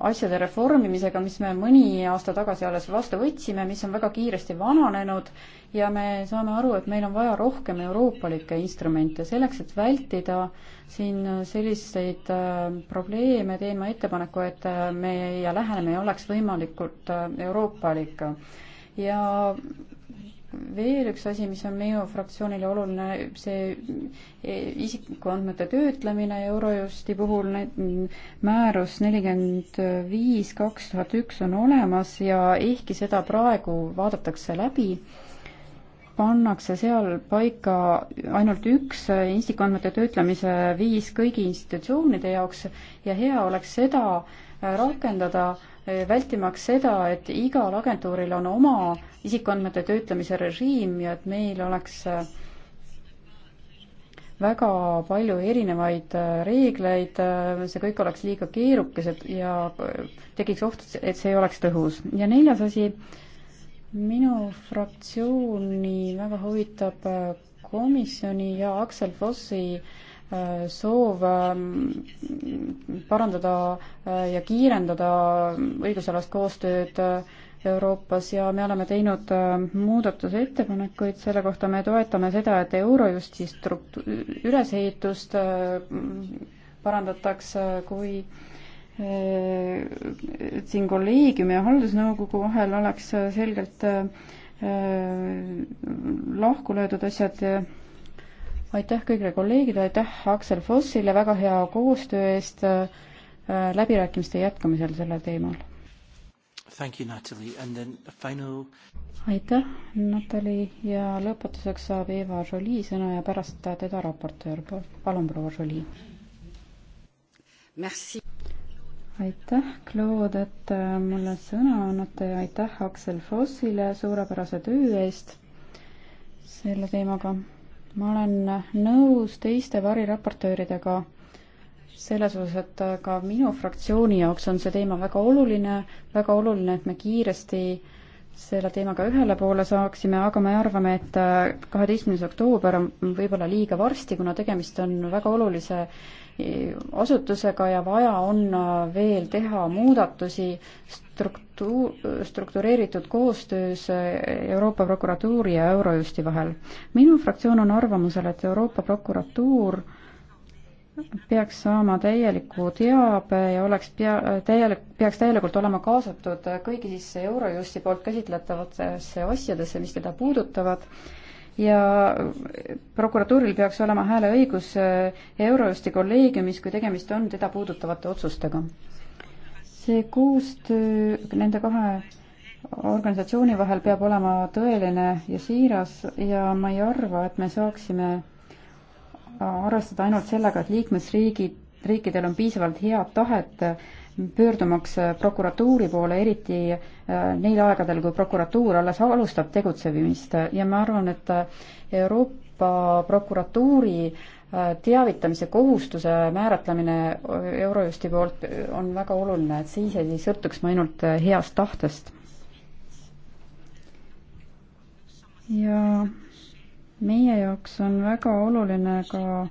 asjade reformimisega, mis me mõni aasta tagasi alles vastu võtsime, mis on väga kiiresti vananenud ja me saame aru, et meil on vaja rohkem euroopalikke instrumente selleks, et vältida siin selliseid äh, probleeme, teen ma ettepaneku, et äh, meie lähenemine oleks võimalikult euroopalik ja veel üks asi, mis on minu fraktsioonile oluline, see e, isikuandmete töötlemine Eurojusti puhul, need määrus nelikümmend viis kaks tuhat üks on olemas ja ehkki seda praegu vaadatakse läbi, pannakse seal paika ainult üks isikuandmete töötlemise viis kõigi institutsioonide jaoks ja hea oleks seda rakendada, vältimaks seda, et igal agentuuril on oma isikuandmete töötlemise režiim ja et meil oleks äh, väga palju erinevaid äh, reegleid, äh, see kõik oleks liiga keerukesed ja tekiks oht, et see ei oleks tõhus. ja neljas asi, minu fraktsiooni väga huvitab komisjoni ja Aksel Fossi soov ähm, parandada ja kiirendada õigusalast koostööd Euroopas ja me oleme teinud äh, muudatusettepanekuid selle kohta, me toetame seda, et Eurojusti struktu-, ülesehitust äh, parandatakse, kui et äh, siin kolleegiumi ja haldusnõukogu vahel oleks selgelt lahku löödud asjad. aitäh kõigile kolleegidele, aitäh Aksel Fossile väga hea koostöö eest läbirääkimiste jätkamisel sellel teemal. Thank you, Natalie. And then a final... aitäh, Natali ja lõpetuseks saab Eva Jolie sõna ja pärast teda raportöör. palun, proua Jolie. aitäh, Claude, et äh, mulle sõna annate ja aitäh Aksel Fossile suurepärase töö eest selle teemaga. ma olen äh, nõus teiste variraportööridega selles osas, et äh, ka minu fraktsiooni jaoks on see teema väga oluline, väga oluline, et me kiiresti selle teemaga ühele poole saaksime, aga me arvame, et äh, kaheteistkümnes oktoober on võib-olla liiga varsti, kuna tegemist on väga olulise e, asutusega ja vaja on äh, veel teha muudatusi struktuur, struktureeritud koostöös Euroopa Prokuratuuri ja Eurojusti vahel. minu fraktsioon on arvamusel, et Euroopa Prokuratuur äh, peaks saama täieliku teabe ja oleks pea, täielik, peaks täielikult olema kaasatud kõigi sisse Eurojusti poolt käsitletavatesse asjadesse, mis teda puudutavad ja prokuratuuril peaks olema hääleõigus Eurojusti kolleegiumis, kui tegemist on teda puudutavate otsustega. see koostöö nende kahe organisatsiooni vahel peab olema tõeline ja siiras ja ma ei arva, et me saaksime arvestada ainult sellega, et liikmesriigid, riikidel on piisavalt head tahet pöördumaks äh, prokuratuuri poole, eriti äh, neil aegadel, kui prokuratuur alles alustab tegutsemist ja ma arvan, et äh, Euroopa prokuratuuri teavitamise kohustuse määratlemine Eurojusti poolt on väga oluline, et siis ei sõltuks me ainult heast tahtest. ja meie jaoks on väga oluline ka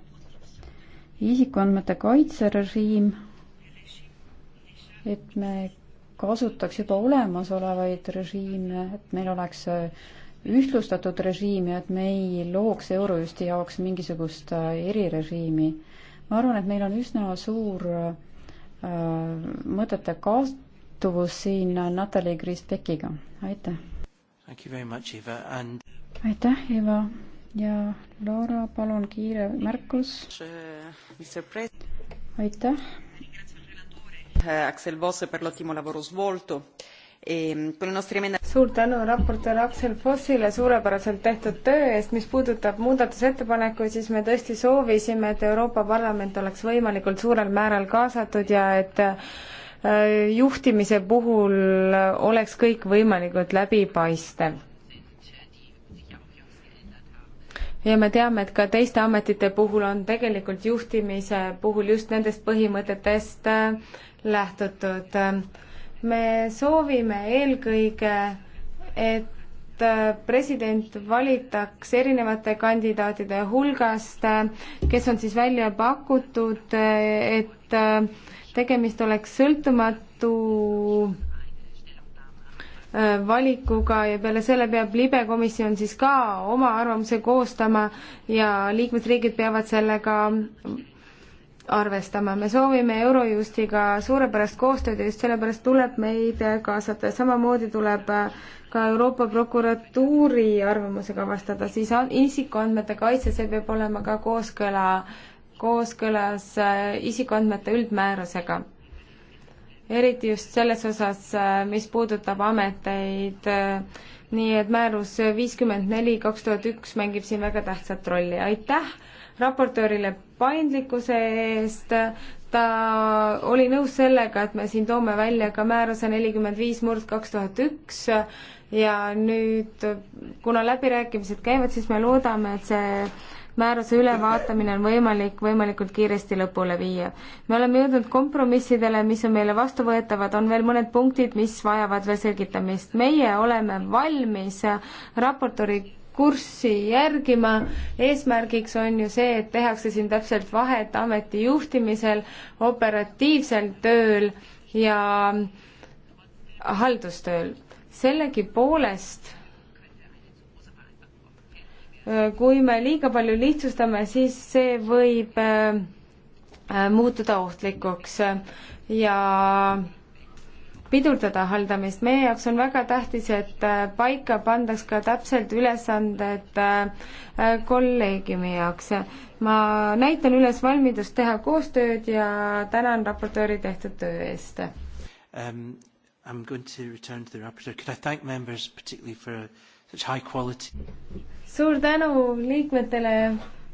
isikuandmete kaitserežiim, et me kasutaks juba olemasolevaid režiime, et meil oleks ühtlustatud režiim ja et me ei looks Eurojusti jaoks mingisugust äh, erirežiimi. ma arvan, et meil on üsna suur äh, mõtete kattuvus siin Natalja Kriis-Pekiga, aitäh! And... aitäh, Eva! ja Laura, palun kiire märkus. aitäh. Äh, Axel Vosse per l'ottimo lavoro svolto ehm, suur tänu raportöör Aksel Fossile suurepäraselt tehtud töö eest, mis puudutab muudatusettepanekuid, siis me tõesti soovisime, et Euroopa Parlament oleks võimalikult suurel määral kaasatud ja et äh, juhtimise puhul oleks kõik võimalikult läbipaistev ja me teame, et ka teiste ametite puhul on tegelikult juhtimise puhul just nendest põhimõtetest äh, lähtutud. me soovime eelkõige, et äh, president valitaks erinevate kandidaatide hulgast, äh, kes on siis välja pakutud, et tegemist oleks sõltumatu Äh, valikuga ja peale selle peab libe komisjon siis ka oma arvamuse koostama ja liikmesriigid peavad sellega arvestama. me soovime Eurojustiga suurepärast koostööd ja just sellepärast tuleb meid kaasata ja samamoodi tuleb ka Euroopa prokuratuuri arvamusega vastada, siis isikuandmete kaitse, see peab olema ka kooskõla, kooskõlas äh, isikuandmete üldmäärusega eriti just selles osas, äh, mis puudutab ameteid, äh, nii et määrus viiskümmend neli kaks tuhat üks mängib siin väga tähtsat rolli, aitäh raportöörile paindlikkuse eest, ta oli nõus sellega, et me siin toome välja ka määruse nelikümmend viis murd kaks tuhat üks ja nüüd, kuna läbirääkimised käivad, siis me loodame, et see määruse ülevaatamine on võimalik võimalikult kiiresti lõpule viia. me oleme jõudnud kompromissidele, mis on meile vastuvõetavad, on veel mõned punktid, mis vajavad veel selgitamist. meie oleme valmis raportööri kurssi järgima. eesmärgiks on ju see, et tehakse siin täpselt vahet ameti juhtimisel, operatiivsel tööl ja haldustööl. sellegipoolest kui me liiga palju lihtsustame, siis see võib äh, äh, muutuda ohtlikuks ja pidurdada haldamist. meie jaoks on väga tähtis, et äh, paika pandaks ka täpselt ülesanded kolleegiumi jaoks. ma näitan üles valmidust teha koostööd ja tänan raportööri tehtud töö eest um,. I am going to return to the rapporteur. Could I thank members particularly for such high quality? suur tänu liikmetele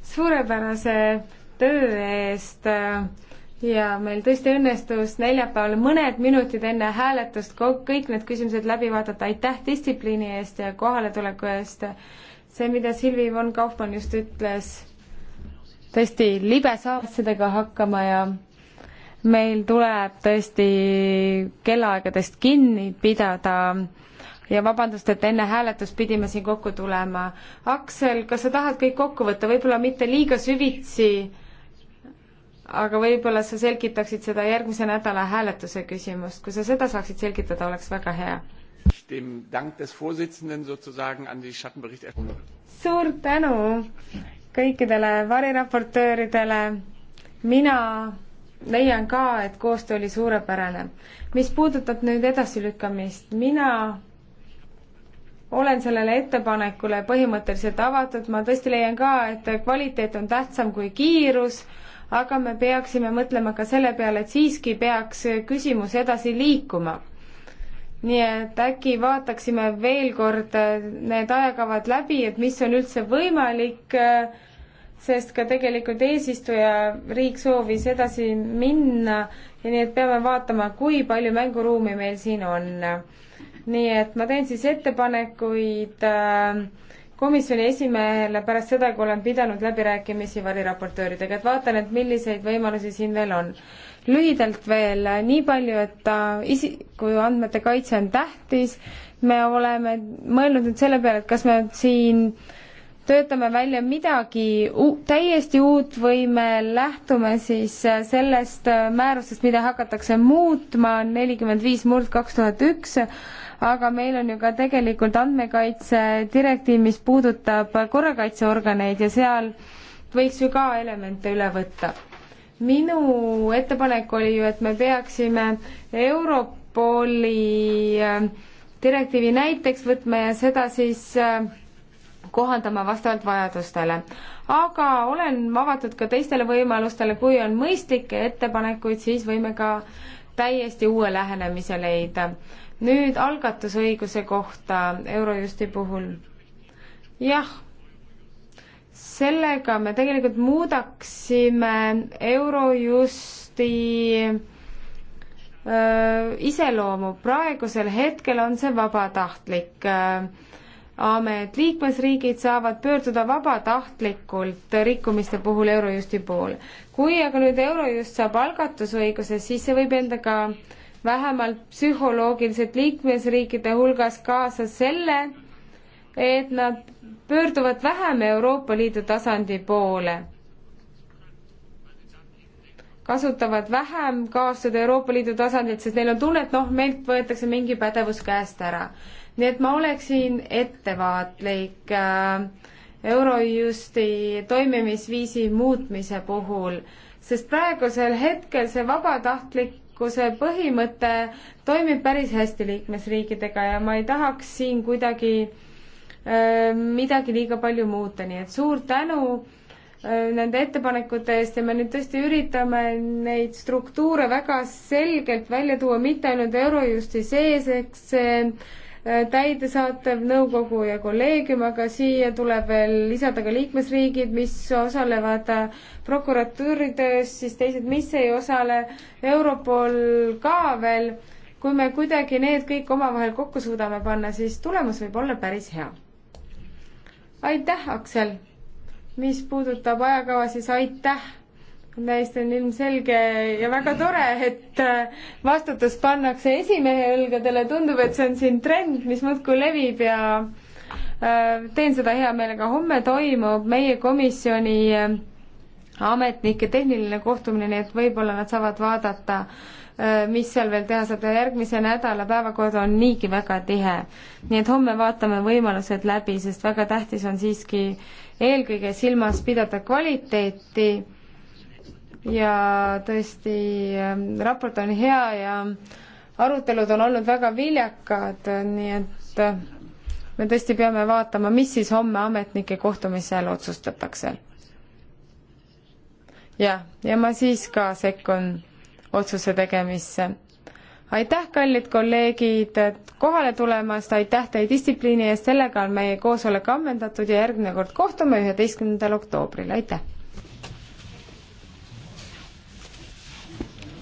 suurepärase töö eest ja meil tõesti õnnestus neljapäeval mõned minutid enne hääletust kõik need küsimused läbi vaadata. aitäh distsipliini eest ja kohaletuleku eest. see, mida Silvi von Kaufmann just ütles, tõesti libe saab asjadega hakkama ja meil tuleb tõesti kellaaegadest kinni pidada ja vabandust, et enne hääletust pidime siin kokku tulema. Aksel, kas sa tahad kõik kokku võtta, võib-olla mitte liiga süvitsi, aga võib-olla sa selgitaksid seda järgmise nädala hääletuse küsimust, kui sa seda saaksid selgitada, oleks väga hea. suur tänu kõikidele variraportööridele, mina leian ka, et koostöö oli suurepärane. mis puudutab nüüd edasilükkamist, mina olen sellele ettepanekule põhimõtteliselt avatud, ma tõesti leian ka, et kvaliteet on tähtsam kui kiirus, aga me peaksime mõtlema ka selle peale, et siiski peaks küsimus edasi liikuma. nii et äkki vaataksime veel kord need ajakavad läbi, et mis on üldse võimalik, sest ka tegelikult eesistuja riik soovis edasi minna ja nii et peame vaatama, kui palju mänguruumi meil siin on nii et ma teen siis ettepanekuid äh, komisjoni esimehele pärast seda, kui olen pidanud läbirääkimisi variraportööridega, et vaatan, et milliseid võimalusi siin veel on. lühidalt veel äh, nii palju, et isikuandmete kaitse on tähtis, me oleme mõelnud nüüd selle peale, et kas me siin töötame välja midagi täiesti uut või me lähtume siis äh, sellest määrusest, mida hakatakse muutma, nelikümmend viis murd kaks tuhat üks, aga meil on ju ka tegelikult andmekaitse direktiiv, mis puudutab korrakaitseorganeid ja seal võiks ju ka elemente üle võtta. minu ettepanek oli ju, et me peaksime Europoli äh, direktiivi näiteks võtma ja seda siis äh, kohandama vastavalt vajadustele. aga olen avatud ka teistele võimalustele, kui on mõistlikke ettepanekuid, siis võime ka täiesti uue lähenemise leida nüüd algatusõiguse kohta Eurojusti puhul. jah, sellega me tegelikult muudaksime Eurojusti öö, iseloomu, praegusel hetkel on see vabatahtlik öö, amet, liikmesriigid saavad pöörduda vabatahtlikult rikkumiste puhul Eurojusti poole. kui aga nüüd Eurojust saab algatusõiguse, siis see võib endaga öö, vähemalt psühholoogiliselt liikmesriikide hulgas kaasa selle, et nad pöörduvad vähem Euroopa Liidu tasandi poole, kasutavad vähem kaastööd Euroopa Liidu tasandilt, sest neil on tunne, et noh, meilt võetakse mingi pädevus käest ära. nii et ma oleksin ettevaatlik äh, Eurojusti toimimisviisi muutmise puhul, sest praegusel hetkel see vabatahtlik vastastikuse põhimõte toimib päris hästi liikmesriikidega ja ma ei tahaks siin kuidagi öö, äh, midagi liiga palju muuta, nii et suur tänu öö, äh, nende ettepanekute eest ja me nüüd tõesti üritame neid struktuure väga selgelt välja tuua, mitte ainult Eurojusti sees, eks see Äh, täidesaatev nõukogu ja kolleegium, aga siia tuleb veel lisada ka liikmesriigid, mis osalevad äh, prokuratuuri töös, siis teised, mis ei osale, Europol ka veel. kui me kuidagi need kõik omavahel kokku suudame panna, siis tulemus võib olla päris hea. aitäh, Aksel! mis puudutab ajakava, siis aitäh neist on ilmselge ja väga tore, et äh, vastutus pannakse esimehe õlgadele, tundub, et see on siin trend, mis muudkui levib ja äh, teen seda hea meelega. homme toimub meie komisjoni äh, ametnike tehniline kohtumine, nii et võib-olla nad saavad vaadata, mis seal veel teha saab ja järgmise nädala päevakord on niigi väga tihe. nii et homme vaatame võimalused läbi, sest väga tähtis on siiski eelkõige silmas pidada kvaliteeti ja tõesti ähm, raport on hea ja arutelud on olnud väga viljakad, nii et äh, me tõesti peame vaatama, mis siis homme ametnike kohtumisel otsustatakse. jah, ja ma siis ka sekkun otsuse tegemisse. aitäh, kallid kolleegid, kohale tulemast, aitäh teie distsipliini eest, sellega on meie koosolek ammendatud ja järgmine kord kohtume üheteistkümnendal oktoobril, aitäh!